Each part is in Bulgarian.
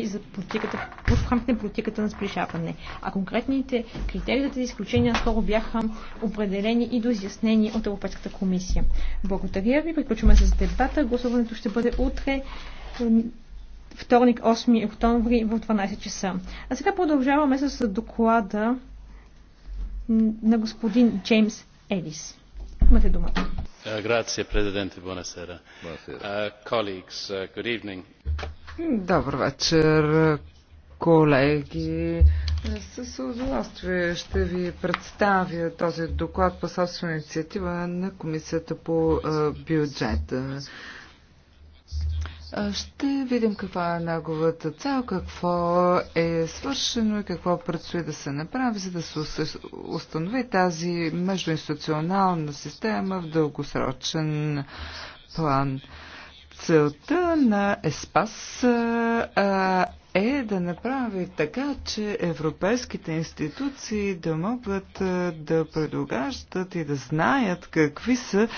и за политиката, в рамките на политиката на спришаване. А конкретните критерии за тези изключения скоро бяха определени и доизяснени от Европейската комисия. Благодаря ви. Приключваме с дебата. Гласуването ще бъде утре вторник, 8 октомври в 12 часа. А сега продължаваме с доклада на господин Джеймс Елис. Имате думата. Е, грация, президенте, buonasera. Е, Колегс, good evening. Добър вечер, колеги. С удоволствие ще ви представя този доклад по собствена инициатива на Комисията по бюджета. Ще видим каква е неговата цел, какво е свършено и какво предстои да се направи, за да се установи тази междуинституционална система в дългосрочен план. Целта на ЕСПАС е да направи така, че европейските институции да могат да предугаждат и да знаят какви са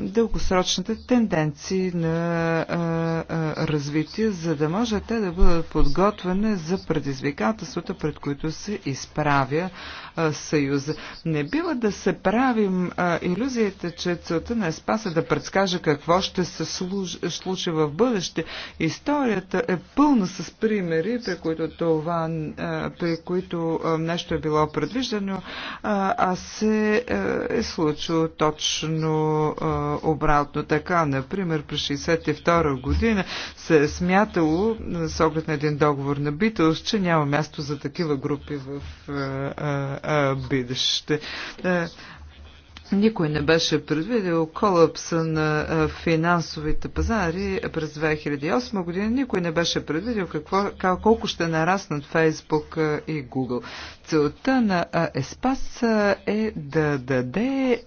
дългосрочните тенденции на развитие, за да може те да бъдат подготвени за предизвикателствата, пред които се изправя а, Съюза. Не бива да се правим а, иллюзията, че целта на ЕСПАС е да предскаже какво ще се случи в бъдеще. Историята е пълна с примери, при които, това, а, при които а, нещо е било предвиждано, а, а се а, е случило точно а, обратно. Така, например, през 1962 година се е смятало, е, с оглед на един договор на Битълс, че няма място за такива групи в а, а, а, А, никой не беше предвидел колапса на финансовите пазари през 2008 година. Никой не беше предвидел какво, колко ще нараснат Фейсбук и Google. Целта на ЕСПАС е да даде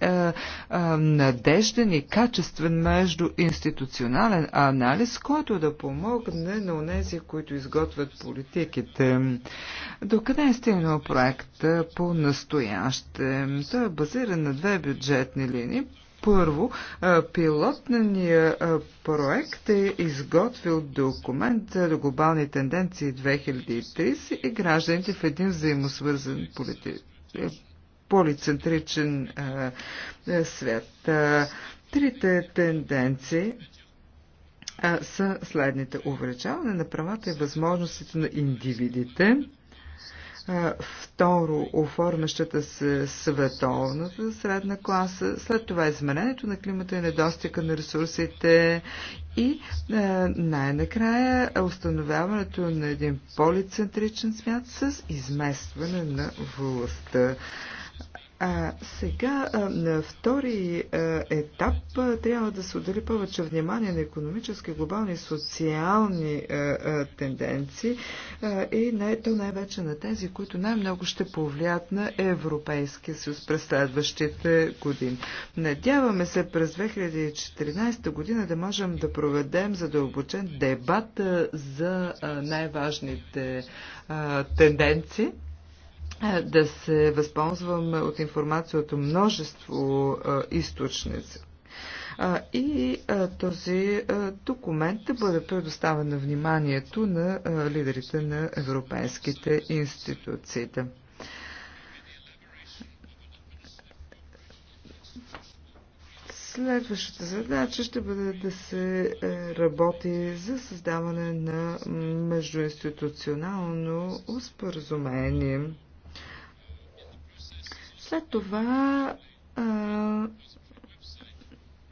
надежден и качествен междуинституционален анализ, който да помогне на тези, които изготвят политиките. Докъде е стигнал проект по настояще? Той е базиран на две бюджети бюджетни линии. Първо, пилотният проект е изготвил документ за глобални тенденции 2030 и гражданите в един взаимосвързан е, полицентричен е, свят. Трите тенденции са следните. Увеличаване на правата и възможностите на индивидите, второ оформящата се световната средна класа, след това изменението на климата и недостига на ресурсите и най-накрая установяването на един полицентричен свят с изместване на властта. А, сега на втори етап трябва да се отдели повече внимание на економически, глобални и социални тенденции и на то най-вече на тези, които най-много ще повлият на Европейския съюз през следващите години. Надяваме се през 2014 година да можем да проведем задълбочен дебат за най-важните тенденции да се възползваме от информация от множество източници. И този документ да бъде предоставен на вниманието на лидерите на европейските институции. Следващата задача ще бъде да се е, работи за създаване на междуинституционално споразумение. След това а,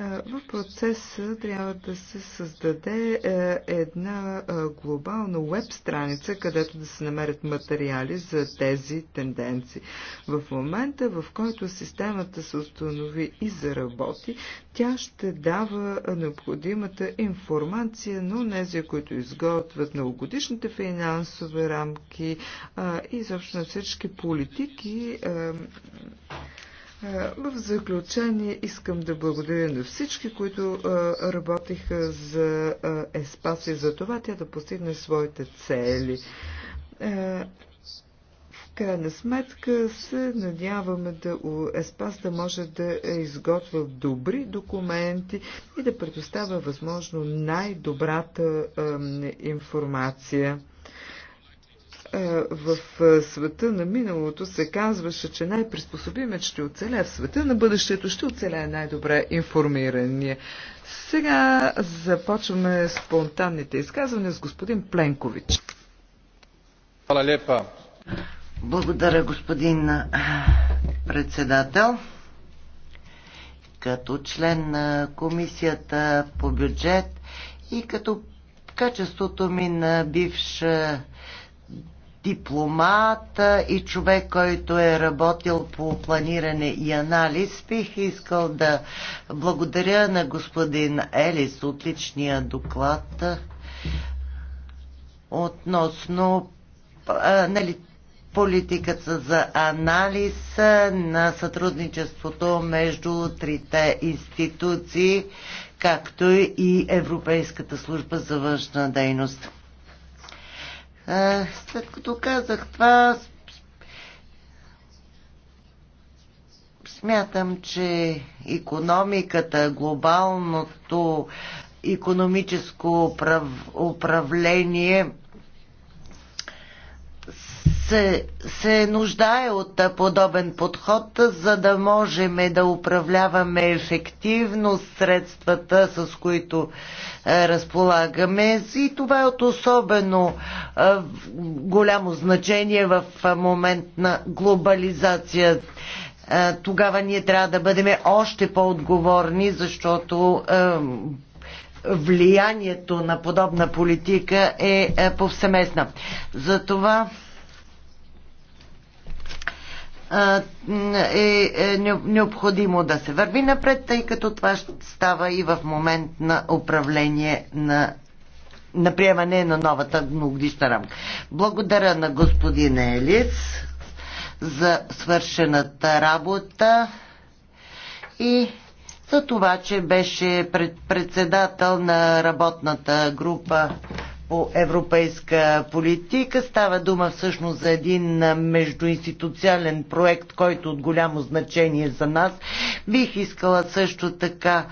в процеса трябва да се създаде е, една глобална веб страница, където да се намерят материали за тези тенденции. В момента, в който системата се установи и заработи, тя ще дава необходимата информация на тези, които изготвят многогодишните финансови рамки и изобщо на всички политики е, е, в заключение искам да благодаря на всички, които е, работиха за е, ЕСПАС и за това тя да постигне своите цели. В крайна сметка се надяваме да ЕСПАС да може да изготвя добри документи и да предоставя възможно най-добрата информация в света на миналото се казваше, че най-приспособимият ще оцеля в света на бъдещето, ще оцеля най-добре информирания. Сега започваме спонтанните изказвания с господин Пленкович. Благодаря, господин председател. Като член на комисията по бюджет и като качеството ми на бивш дипломат и човек, който е работил по планиране и анализ, бих искал да благодаря на господин Елис от личния доклад относно нали, политиката за анализ на сътрудничеството между трите институции, както и Европейската служба за външна дейност. След като казах това, смятам, че економиката, глобалното економическо управление се, се нуждае от подобен подход, за да можем да управляваме ефективно средствата, с които е, разполагаме. И това е от особено е, голямо значение в момент на глобализация е, тогава ние трябва да бъдем още по-отговорни, защото влиянието на подобна политика е повсеместна. Затова е, е необходимо да се върви напред, тъй като това става и в момент на управление на на приемане на новата многодишна рамка. Благодаря на господин Елис за свършената работа и за това, че беше председател на работната група по европейска политика. Става дума всъщност за един междуинституциален проект, който е от голямо значение за нас. Бих искала също така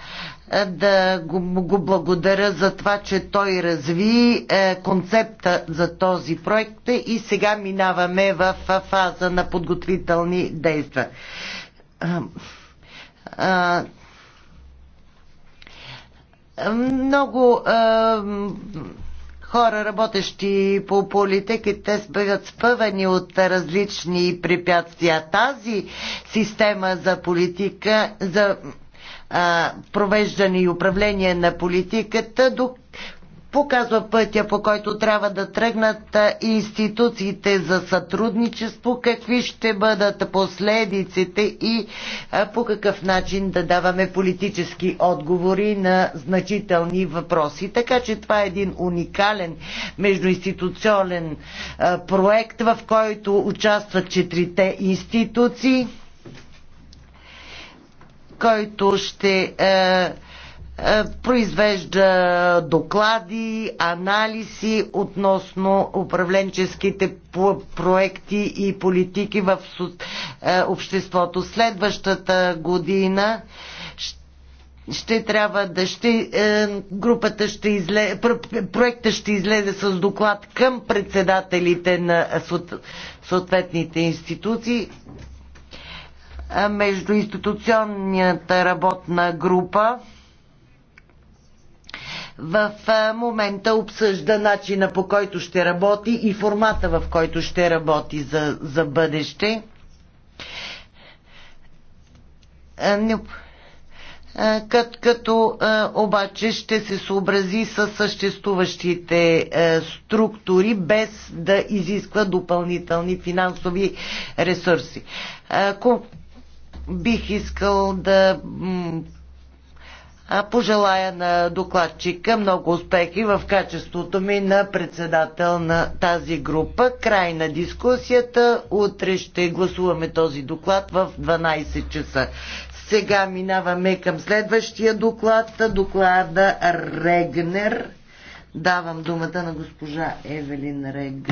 е, да го, го благодаря за това, че той разви е, концепта за този проект и сега минаваме в фаза на подготвителни действия. Е, много хора, работещи по политики, те спъвани от различни препятствия. Тази система за политика, за а, провеждане и управление на политиката до показва пътя, по който трябва да тръгнат институциите за сътрудничество, какви ще бъдат последиците и по какъв начин да даваме политически отговори на значителни въпроси. Така че това е един уникален междуинституционен проект, в който участват четирите институции, който ще е, произвежда доклади, анализи относно управленческите проекти и политики в е, обществото. Следващата година ще трябва да ще е, групата ще излезе, проекта ще излезе с доклад към председателите на съответните институции. Междуинституционната работна група в момента обсъжда начина по който ще работи и формата в който ще работи за, за бъдеще. като, като обаче ще се съобрази с съществуващите структури, без да изисква допълнителни финансови ресурси. Ако Бих искал да пожелая на докладчика много успехи в качеството ми на председател на тази група. Край на дискусията. Утре ще гласуваме този доклад в 12 часа. Сега минаваме към следващия доклад. Доклада Регнер. Давам думата на госпожа Евелин Регнер.